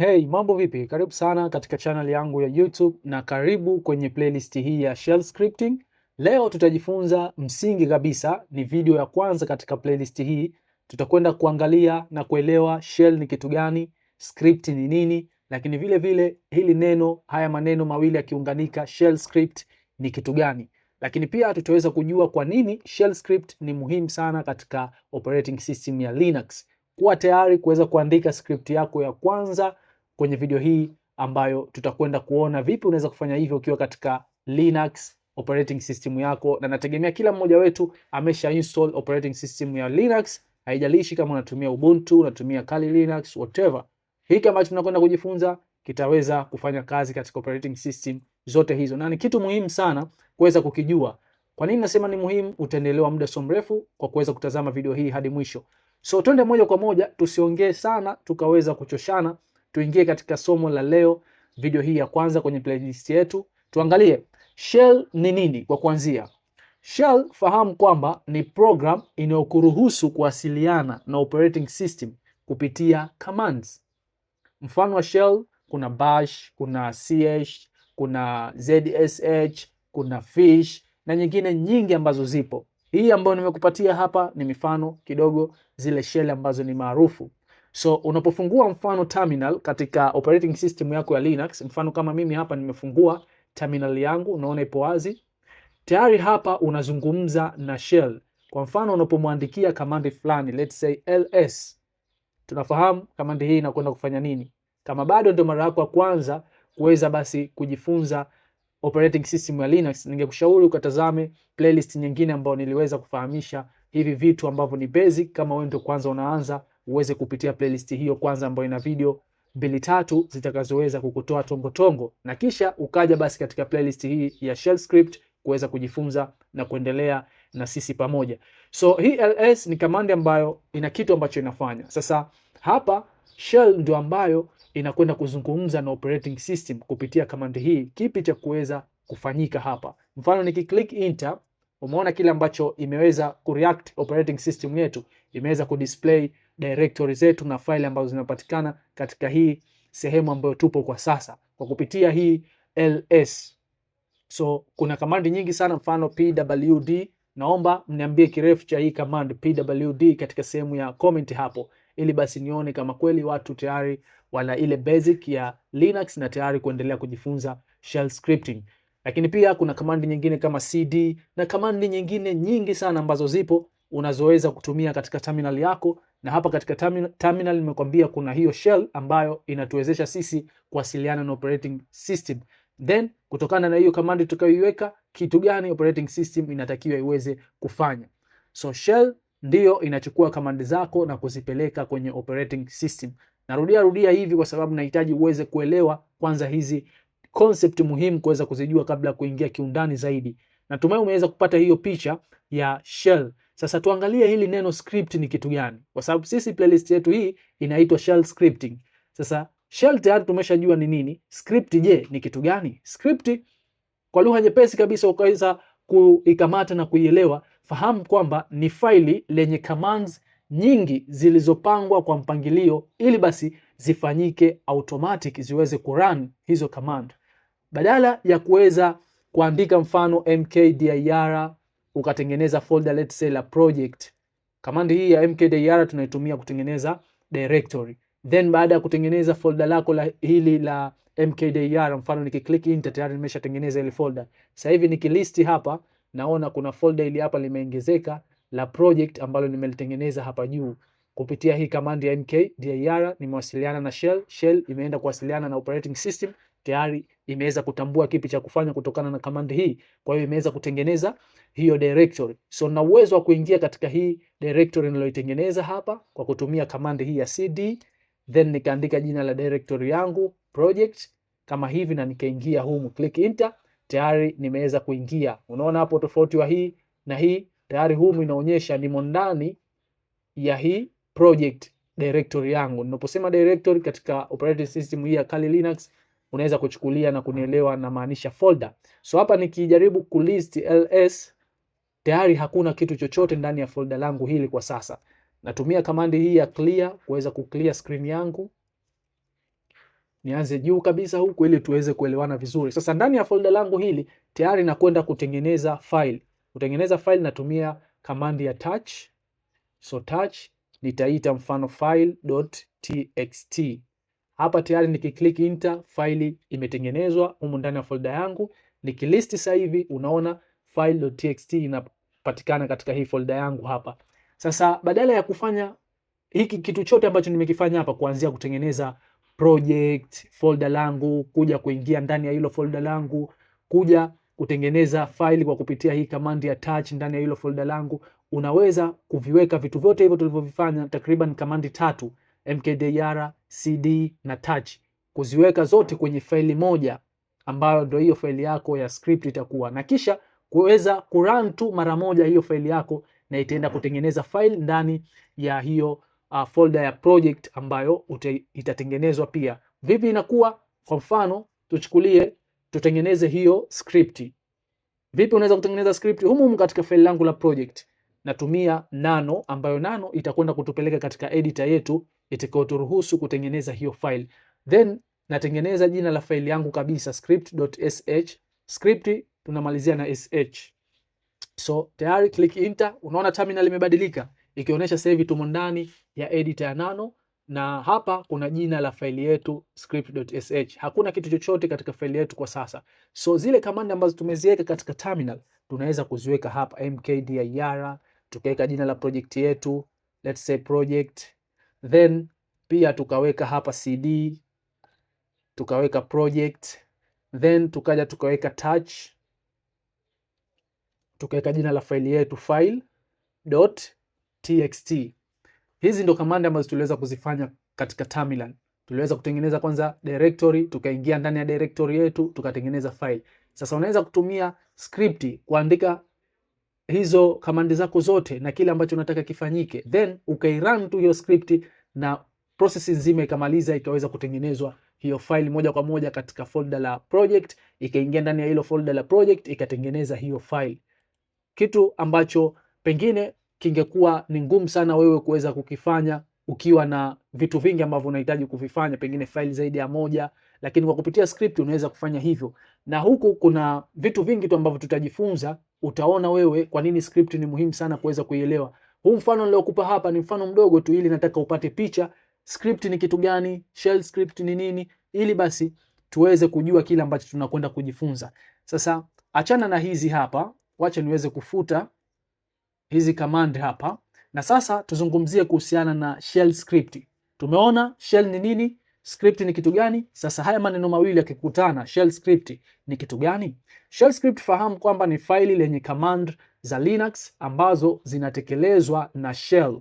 Hey, mambo vipi? Karibu sana katika channel yangu ya YouTube na karibu kwenye playlist hii ya Shell Scripting. Leo tutajifunza msingi kabisa, ni video ya kwanza katika playlist hii. Tutakwenda kuangalia na kuelewa Shell ni kitu gani, script ni nini, lakini vile vile hili neno, haya maneno mawili yakiunganika, Shell script ni kitu gani? Lakini pia tutaweza kujua kwa nini Shell script ni muhimu sana katika operating system ya Linux. Kuwa tayari kuweza kuandika script yako ya kwanza kwenye video hii ambayo tutakwenda kuona vipi unaweza kufanya hivyo ukiwa katika Linux operating system yako, na nategemea kila mmoja wetu amesha install operating system ya Linux. Haijalishi kama unatumia Ubuntu, unatumia Kali Linux, whatever, hiki ambacho tunakwenda kujifunza kitaweza kufanya kazi katika operating system zote hizo, na ni kitu muhimu sana kuweza kukijua. Kwa nini nasema ni muhimu? Utaendelewa muda so mrefu kwa kuweza kutazama video hii hadi mwisho. So twende moja kwa moja, tusiongee sana tukaweza kuchoshana tuingie katika somo la leo, video hii ya kwanza kwenye playlist yetu. Tuangalie shell ni nini kwa kuanzia. Shell fahamu kwamba ni program inayokuruhusu kuwasiliana na operating system kupitia commands. Mfano wa shell kuna bash, kuna ch, kuna zsh, kuna fish na nyingine nyingi ambazo zipo. Hii ambayo nimekupatia hapa ni mifano kidogo zile shell ambazo ni maarufu. So unapofungua mfano terminal katika operating system yako ya Linux, mfano kama mimi hapa nimefungua terminal yangu, unaona ipo wazi tayari. Hapa unazungumza na shell. Kwa mfano unapomwandikia kamandi fulani, let's say ls, tunafahamu kamandi hii inakwenda kufanya nini. Kama bado ndio mara yako ya kwanza kuweza basi kujifunza operating system ya Linux, ningekushauri ukatazame playlist nyingine ambayo niliweza kufahamisha hivi vitu ambavyo ni basic, kama wewe ndio kwanza unaanza uweze kupitia playlist hiyo kwanza, ambayo ina video mbili tatu zitakazoweza kukutoa tongo tongo, na kisha ukaja basi katika playlist hii ya Shell Script kuweza kujifunza na kuendelea na sisi pamoja. So hii ls ni command ambayo ina kitu ambacho inafanya. Sasa hapa shell ndio ambayo inakwenda kuzungumza na operating system kupitia command hii, kipi cha kuweza kufanyika hapa. Mfano nikiclick enter, umeona kile ambacho imeweza kureact operating system yetu, imeweza kudisplay directory zetu na faili ambazo zinapatikana katika hii sehemu ambayo tupo kwa sasa kwa kupitia hii ls. So kuna kamandi nyingi sana, mfano pwd. Naomba mniambie kirefu cha hii command pwd katika sehemu ya comment hapo, ili basi nione kama kweli watu tayari wana ile basic ya Linux na tayari kuendelea kujifunza shell scripting. Lakini pia kuna kamandi nyingine kama cd na kamandi nyingine nyingi sana ambazo zipo unazoweza kutumia katika terminal yako na hapa katika terminal nimekwambia kuna hiyo shell ambayo inatuwezesha sisi kuwasiliana na operating system. Then kutokana na hiyo command tukayoiweka, kitu gani operating system inatakiwa iweze kufanya? So shell ndiyo inachukua command zako na kuzipeleka kwenye operating system. Narudia rudia hivi kwa sababu nahitaji uweze kuelewa kwanza hizi concept muhimu kuweza kuzijua kabla ya kuingia kiundani zaidi. Natumai umeweza kupata hiyo picha ya shell. Sasa tuangalie hili neno script ni kitu gani, kwa sababu sisi playlist yetu hii inaitwa shell scripting. Sasa shell tayari tumeshajua ni nini. Script je, ni kitu gani? Script kwa lugha nyepesi kabisa ukaweza kuikamata na kuielewa, fahamu kwamba ni faili lenye commands nyingi zilizopangwa kwa mpangilio ili basi zifanyike automatic ziweze kurun hizo command, badala ya kuweza kuandika mfano mkdir ukatengeneza folder let's say la project. Kamandi hii ya mkdir tunaitumia kutengeneza directory. Then baada ya kutengeneza folder lako la hili la mkdir, mfano nikiclick enter tayari nimeshatengeneza ile folder. Sasa hivi nikilisti hapa naona kuna folder ili hapa limeongezeka la project ambalo nimelitengeneza hapa juu kupitia hii command ya mkdir. Nimewasiliana na shell, shell imeenda kuwasiliana na operating system tayari imeweza kutambua kipi cha kufanya kutokana na command hii. Kwa hiyo imeweza kutengeneza hiyo directory, so na uwezo wa kuingia katika hii directory niloitengeneza hapa kwa kutumia command hii ya cd, then nikaandika jina la directory yangu project kama hivi, na nikaingia humu, click enter, tayari nimeweza kuingia. Unaona hapo tofauti wa hii na hii, tayari humu inaonyesha nimo ndani ya hii project directory yangu. Ninaposema directory katika operating system hii ya Kali Linux unaweza kuchukulia na kunielewa na maanisha folder. So hapa nikijaribu kulist ls tayari hakuna kitu chochote ndani ya folder langu hili kwa sasa. Natumia kamandi hii ya clear kuweza kuclear screen yangu. Nianze juu kabisa huku ili tuweze kuelewana vizuri. Sasa ndani ya folder langu hili tayari nakwenda kutengeneza file. Kutengeneza file natumia kamandi ya touch. So touch nitaita mfano file.txt. Hapa tayari nikiklik enter, faili imetengenezwa humu ndani ya folda yangu. Nikilist sasa hivi unaona file.txt inapatikana katika hii folda yangu hapa. Sasa badala ya kufanya hiki kitu chote ambacho nimekifanya hapa, kuanzia kutengeneza project folda langu, kuja kuingia ndani ya hilo folda langu, kuja kutengeneza faili kwa kupitia hii command ya touch ndani ya hilo folda langu, unaweza kuviweka vitu vyote hivyo tulivyovifanya, takriban command tatu mkdir, cd na touch, kuziweka zote kwenye faili moja ambayo ndio hiyo faili yako ya script itakuwa, na kisha kuweza kurun tu mara moja hiyo faili yako, na itaenda kutengeneza faili ndani ya hiyo uh, folder ya project ambayo ute, itatengenezwa. Pia vipi inakuwa? Kwa mfano tuchukulie, tutengeneze hiyo script. Vipi unaweza kutengeneza script? Humu humu katika faili langu la project natumia nano, ambayo nano itakwenda kutupeleka katika editor yetu itakayoturuhusu kutengeneza hiyo file. Then natengeneza jina la faili yangu kabisa script.sh. Script tunamalizia na sh. So tayari click enter, unaona terminal imebadilika ikionyesha sasa hivi tumo ndani ya editor ya Nano na hapa kuna jina la faili yetu script.sh. Hakuna kitu chochote katika faili yetu kwa sasa, so zile kamanda ambazo tumeziweka katika terminal tunaweza kuziweka hapa mkdir, tukaweka jina la project yetu, let's say project Then pia tukaweka hapa CD, tukaweka project, then tukaja tukaweka touch, tukaweka jina la faili yetu file dot txt. Hizi ndo kamanda ambazo tuliweza kuzifanya katika Tamilan. Tuliweza kutengeneza kwanza directory, tukaingia ndani ya directory yetu tukatengeneza file. Sasa unaweza kutumia script kuandika hizo kamandi zako zote na kile ambacho unataka kifanyike, then ukairun tu hiyo script na process nzima ikamaliza, ikaweza kutengenezwa hiyo file moja kwa moja katika folder la project, ikaingia ndani ya hilo folder la project, ikatengeneza hiyo file, kitu ambacho pengine kingekuwa ni ngumu sana wewe kuweza kukifanya ukiwa na vitu vingi ambavyo unahitaji kuvifanya, pengine file zaidi ya moja, lakini kwa kupitia script unaweza kufanya hivyo. Na huku kuna vitu vingi tu ambavyo tutajifunza utaona wewe kwa nini script ni muhimu sana kuweza kuielewa. Huu mfano niliokupa hapa ni mfano mdogo tu, ili nataka upate picha script ni kitu gani, shell script ni nini, ili basi tuweze kujua kile ambacho tunakwenda kujifunza. Sasa achana na hizi hapa, wacha niweze kufuta hizi command hapa, na sasa tuzungumzie kuhusiana na shell script. Tumeona shell ni nini, script ni kitu gani? Sasa haya maneno mawili yakikutana, shell script ni kitu gani? Shell script fahamu kwamba ni faili lenye command za Linux ambazo zinatekelezwa na shell.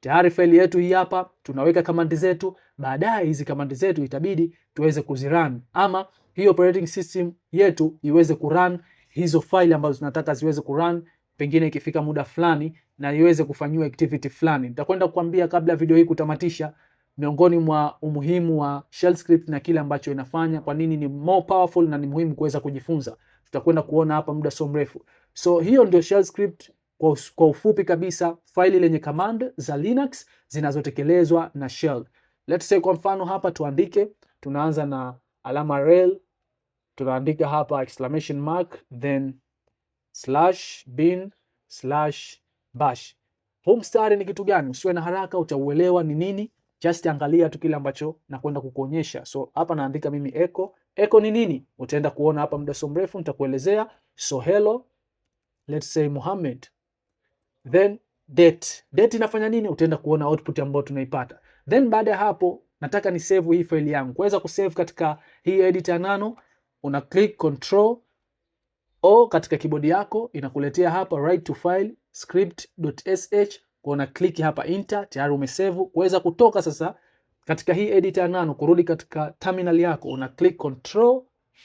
Tayari faili yetu hii hapa, tunaweka kamandi zetu, baadaye hizi kamandi zetu itabidi tuweze kuzirun ama hii operating system yetu iweze kurun hizo faili ambazo tunataka ziweze kurun, pengine ikifika muda fulani na iweze kufanyiwa activity fulani. Nitakwenda kukwambia kabla video hii kutamatisha miongoni mwa umuhimu wa shell script na kile ambacho inafanya, kwa nini ni more powerful na ni muhimu kuweza kujifunza. Tutakwenda kuona hapa muda so mrefu. So hiyo ndio shell script kwa, kwa ufupi kabisa, faili lenye command za Linux zinazotekelezwa na shell. Let's say kwa mfano hapa tuandike, tunaanza na alama rel, tunaandika hapa exclamation mark then slash bin slash bash. Huu mstari ni kitu gani? Usiwe na haraka, utauelewa ni nini Just angalia tu kile ambacho nakwenda kukuonyesha. So hapa naandika mimi echo. Echo ni nini? Utaenda kuona hapa muda so mrefu nitakuelezea. So hello, let's say Muhammad. Then date. Date inafanya nini? Utaenda kuona output ambayo tunaipata. Then baada ya hapo nataka ni save hii file yangu. Kuweza kusave katika hii editor nano, una click control o katika kibodi yako inakuletea hapa write to file script.sh kwa una click hapa enter, tayari umesave. Kuweza kutoka sasa katika hii editor nano kurudi katika terminal yako una click control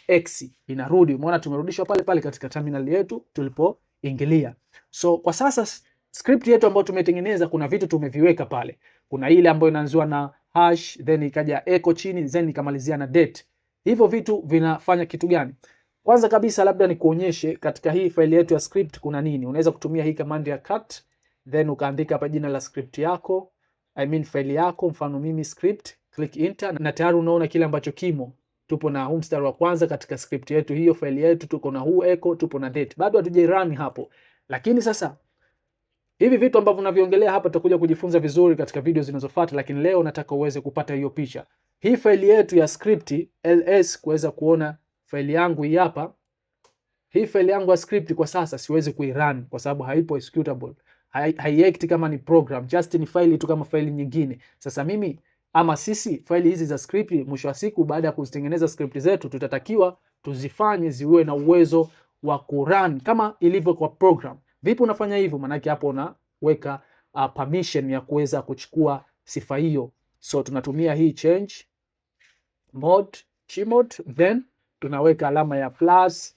x, inarudi. Umeona tumerudishwa pale pale katika terminal yetu tulipoingilia. So kwa sasa script yetu ambayo tumetengeneza kuna vitu tumeviweka pale. Kuna ile ambayo inaanzwa na hash then ikaja echo chini then ikamalizia na date. Hivyo vitu vinafanya kitu gani? Kwanza kabisa labda nikuonyeshe katika hii faili yetu ya script kuna nini. Unaweza kutumia hii command ya cut then ukaandika hapa jina la script yako, I mean file yako, mfano mimi script, click enter, na tayari unaona kile ambacho kimo. Tupo na huu mstari wa kwanza katika script yetu hiyo, file yetu, tuko na huu echo, tupo na date, bado run hapo. Lakini sasa hivi vitu ambavyo naviongelea hapa tutakuja kujifunza vizuri katika video zinazofuata, lakini leo nataka uweze kupata hiyo picha. Hii faili yetu ya script ls, kuweza kuona faili yangu hii hapa. Hii faili yangu ya script kwa sasa siwezi kuirun kwa sababu haipo executable haiact kama ni program, just ni faili tu kama faili nyingine. Sasa mimi ama sisi, faili hizi za script, mwisho wa siku, baada ya kuzitengeneza script zetu, tutatakiwa tuzifanye ziwe na uwezo wa kurun kama ilivyo kwa program. Vipi unafanya hivyo? Maanake hapo unaweka uh, permission ya kuweza kuchukua sifa hiyo. So tunatumia hii change mode chmod, then tunaweka alama ya plus,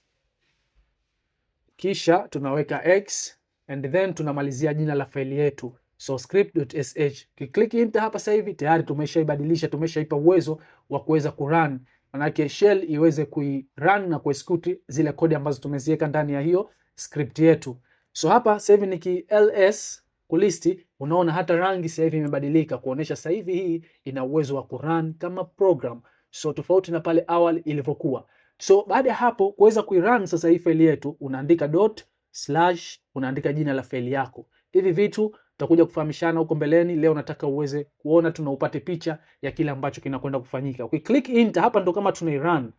kisha tunaweka x and then tunamalizia jina la faili yetu so script.sh. Kiklik enter hapa sasa hivi tayari tumeshaibadilisha, tumeshaipa uwezo wa kuweza kurun, manake shell iweze kuirun na kuexecute zile kodi ambazo tumeziweka ndani ya hiyo script yetu. So hapa sasa hivi niki ls kulisti, unaona hata rangi sasa hivi imebadilika kuonesha sasa hivi hii ina uwezo wa kurun kama program, so tofauti na pale awali ilivyokuwa. So baada ya hapo kuweza kuirun sasa hii faili yetu unaandika dot slash unaandika jina la faili yako. Hivi vitu tutakuja kufahamishana huko mbeleni. Leo nataka uweze kuona na upate picha ya kile ambacho kinakwenda kufanyika. Ukiclick enter hapa ndo kama tuna run.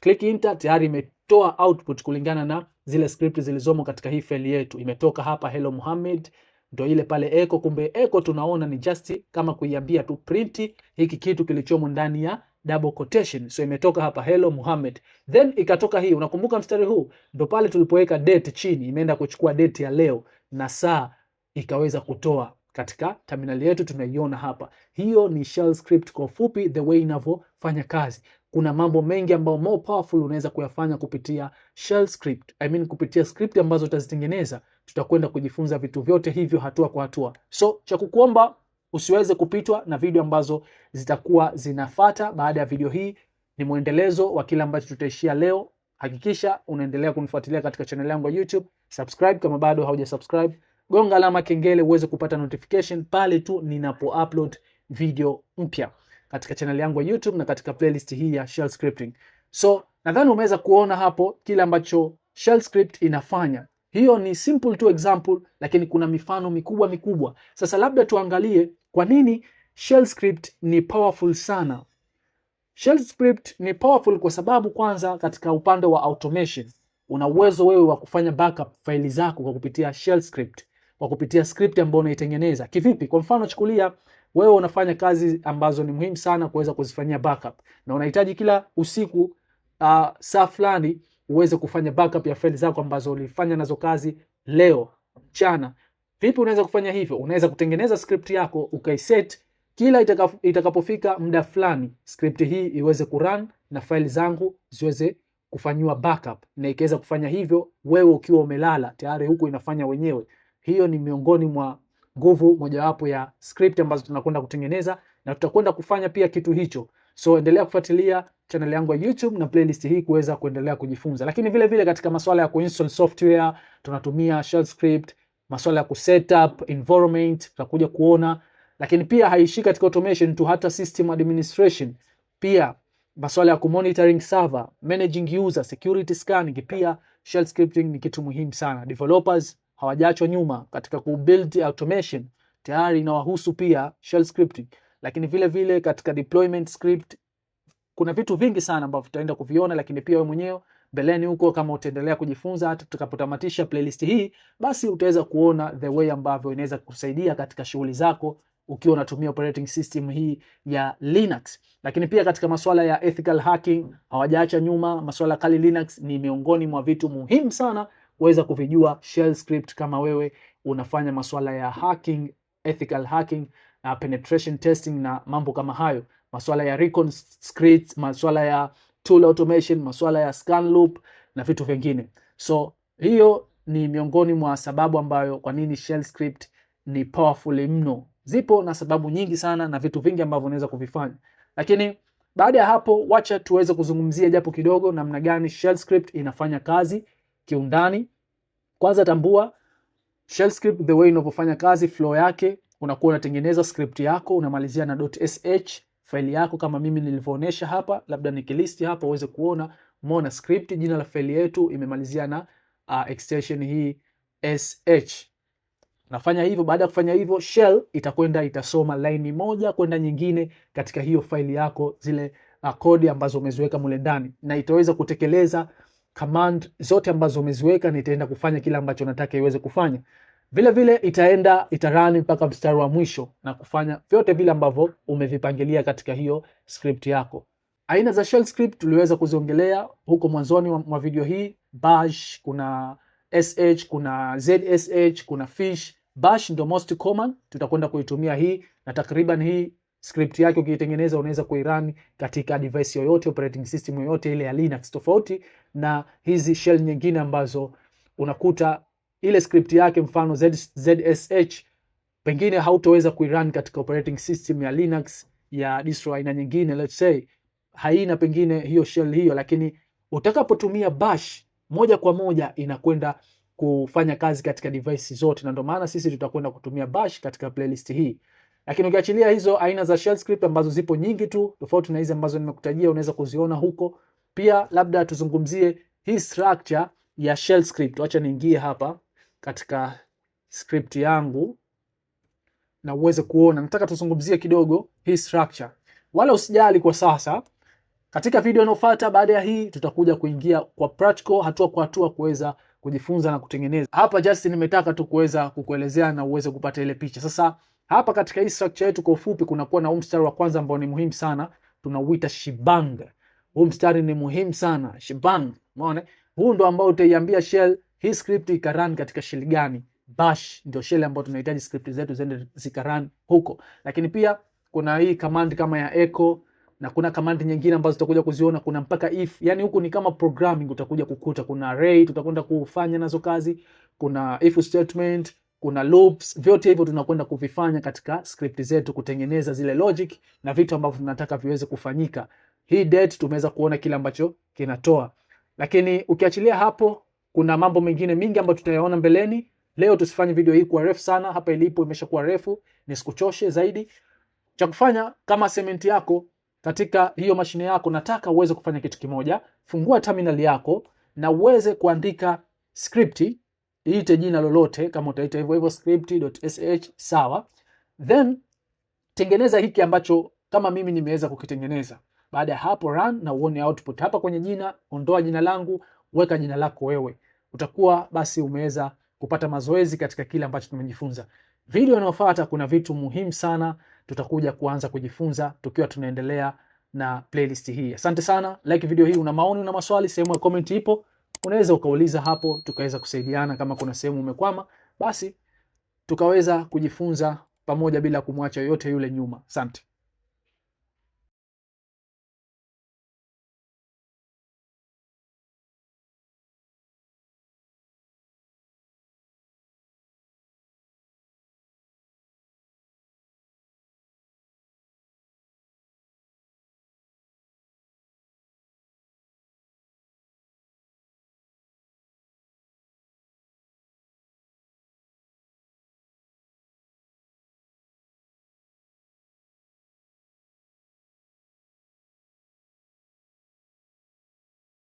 Click enter tayari imetoa output kulingana na zile script zilizomo katika hii faili yetu. Imetoka hapa hello Muhammad ndo ile pale echo. Kumbe echo tunaona ni just kama kuiambia tu print hiki kitu kilichomo ndani ya double quotation, so imetoka hapa hello Muhammad, then ikatoka hii. Unakumbuka mstari huu? Ndo pale tulipoweka date chini, imeenda kuchukua date ya leo na saa ikaweza kutoa katika terminal yetu tunaiona hapa. Hiyo ni shell script kwa ufupi, the way inavyofanya kazi. Kuna mambo mengi ambayo more powerful unaweza kuyafanya kupitia shell script. I mean, kupitia script ambazo utazitengeneza. Tutakwenda kujifunza vitu vyote hivyo hatua kwa hatua, so cha kukuomba Usiweze kupitwa na video ambazo zitakuwa zinafata baada ya video hii. Ni mwendelezo wa kile ambacho tutaishia leo. Hakikisha unaendelea kunifuatilia katika channel yangu ya YouTube. Subscribe kama bado hauja subscribe, gonga alama kengele uweze kupata notification pale tu ninapo upload video mpya katika channel yangu ya YouTube na katika playlist hii ya Shell Scripting. So nadhani umeweza kuona hapo kile ambacho Shell Script inafanya. Hiyo ni simple tu example, lakini kuna mifano mikubwa mikubwa. Sasa labda tuangalie kwa nini shell script ni powerful sana? Shell script ni powerful kwa sababu kwanza, katika upande wa automation una uwezo wewe wa kufanya backup faili zako kwa kupitia shell script, kwa kupitia script ambayo unaitengeneza. Kivipi? Kwa mfano, chukulia wewe unafanya kazi ambazo ni muhimu sana kuweza kuzifanyia backup na unahitaji kila usiku uh, saa fulani uweze kufanya backup ya faili zako ambazo ulifanya nazo kazi leo mchana Vipi unaweza kufanya hivyo? Unaweza kutengeneza script yako ukaiset kila itakapo, itakapofika muda fulani script hii iweze kurun na faili zangu ziweze kufanyiwa backup, na ikiweza kufanya hivyo wewe ukiwa umelala tayari, huku inafanya wenyewe. Hiyo ni miongoni mwa nguvu mojawapo ya script ambazo tunakwenda kutengeneza na tutakwenda kufanya pia kitu hicho. So endelea kufuatilia channel yangu ya YouTube na playlist hii kuweza kuendelea kujifunza, lakini vile vile katika masuala ya kuinstall software tunatumia shell script masuala ya kusetup environment tutakuja kuona, lakini pia haishi katika automation tu, hata system administration pia masuala ya kumonitoring server, managing user, security scanning, pia shell scripting ni kitu muhimu sana. Developers hawajaachwa nyuma katika kubuild automation, tayari inawahusu pia shell scripting, lakini vile vile katika deployment script kuna vitu vingi sana ambavyo tutaenda kuviona, lakini pia wewe mwenyewe mbeleni huko, kama utaendelea kujifunza, hata tutakapotamatisha playlist hii, basi utaweza kuona the way ambavyo inaweza kukusaidia katika shughuli zako ukiwa unatumia operating system hii ya Linux. Lakini pia katika masuala ya ethical hacking hawajaacha nyuma. Masuala kali Linux ni miongoni mwa vitu muhimu sana kuweza kuvijua shell script, kama wewe unafanya masuala ya hacking, ethical hacking na penetration testing na mambo kama hayo, masuala ya recon scripts, masuala ya tool automation, masuala ya scan loop na vitu vingine. So hiyo ni miongoni mwa sababu ambayo kwa nini shell script ni powerful mno. Zipo na sababu nyingi sana na vitu vingi ambavyo unaweza kuvifanya, lakini baada ya hapo, wacha tuweze kuzungumzia japo kidogo namna gani shell script inafanya kazi kiundani. Kwanza tambua shell script, the way inavyofanya kazi, flow yake, unakuwa unatengeneza script yako, unamalizia na .sh faili yako kama mimi nilivyoonyesha hapa, labda nikilisti hapa uweze kuona mona script, jina la faili yetu imemalizia na uh, extension hii sh. Nafanya hivyo. Baada ya kufanya hivyo, shell itakwenda itasoma line moja kwenda nyingine katika hiyo faili yako, zile uh, kodi ambazo umeziweka mule ndani, na itaweza kutekeleza command zote ambazo umeziweka, na itaenda kufanya kile ambacho nataka iweze kufanya. Vile vile itaenda itarani mpaka mstari wa mwisho na kufanya vyote vile ambavyo umevipangilia katika hiyo script yako. Aina za shell script tuliweza kuziongelea huko mwanzoni mwa video hii. Bash, kuna sh, kuna zsh, kuna fish. Bash ndio most common, tutakwenda kuitumia hii na takriban hii script yake ukiitengeneza unaweza kuirun katika device yoyote, operating system yoyote ile ya Linux, tofauti na hizi shell nyingine ambazo unakuta ile script yake mfano ZSH pengine hautoweza kuirun katika operating system ya Linux ya distro aina nyingine, let's say haina pengine hiyo shell hiyo, lakini utakapotumia bash moja kwa moja inakwenda kufanya kazi katika device zote, na ndio maana sisi tutakwenda kutumia bash katika playlist hii. Lakini ukiachilia hizo aina za shell script ambazo zipo nyingi tu, tofauti na hizi ambazo nimekutajia, unaweza kuziona huko pia. Labda tuzungumzie hii structure ya shell script, acha niingie hapa katika script yangu na uweze kuona. Nataka tuzungumzie kidogo hii structure, wala usijali kwa sasa. Katika video inayofuata baada ya hii, tutakuja kuingia kwa practical, hatua kwa hatua kuweza kujifunza na kutengeneza. Hapa just nimetaka tu kuweza kukuelezea na uweze kupata ile picha. Sasa hapa katika hii structure yetu kwa ufupi, kunakuwa na huu mstari wa kwanza ambao ni muhimu sana, tunauita shebang. Huu mstari ni muhimu sana shebang, umeona? Huu ndo ambao utaiambia shell hii script ikaran katika shell gani? Bash ndio shell ambayo tunahitaji script zetu ziende zikaran huko. Lakini pia kuna hii command kama ya echo na kuna command nyingine ambazo tutakuja kuziona, kuna mpaka if. Yani huku ni kama programming, utakuja kukuta kuna array tutakwenda kufanya nazo kazi, kuna if statement, kuna loops. Vyote hivyo tunakwenda kuvifanya katika script zetu kutengeneza zile logic na vitu ambavyo tunataka viweze kufanyika. Hii date tumeweza kuona kile ambacho kinatoa, lakini ukiachilia hapo kuna mambo mengine mingi ambayo tutayaona mbeleni. Leo tusifanye video hii kuwa refu sana, hapa ilipo imeshakuwa refu, nisikuchoshe zaidi. Cha kufanya kama sementi yako katika hiyo mashine yako, nataka uweze kufanya kitu kimoja. Fungua terminal yako na uweze kuandika script, iite jina lolote, kama utaita hivyo hivyo script.sh, sawa. Then tengeneza hiki ambacho kama mimi nimeweza kukitengeneza. Baada ya hapo run na uone output. Hapa kwenye jina, ondoa jina langu, weka jina lako wewe, utakuwa basi umeweza kupata mazoezi katika kile ambacho tumejifunza. Video inayofuata kuna vitu muhimu sana tutakuja kuanza kujifunza tukiwa tunaendelea na playlist hii. Asante sana, like video hii. Una maoni, na maswali, sehemu ya comment ipo, unaweza ukauliza hapo, tukaweza kusaidiana. Kama kuna sehemu umekwama, basi tukaweza kujifunza pamoja bila kumwacha yoyote yule nyuma. Asante.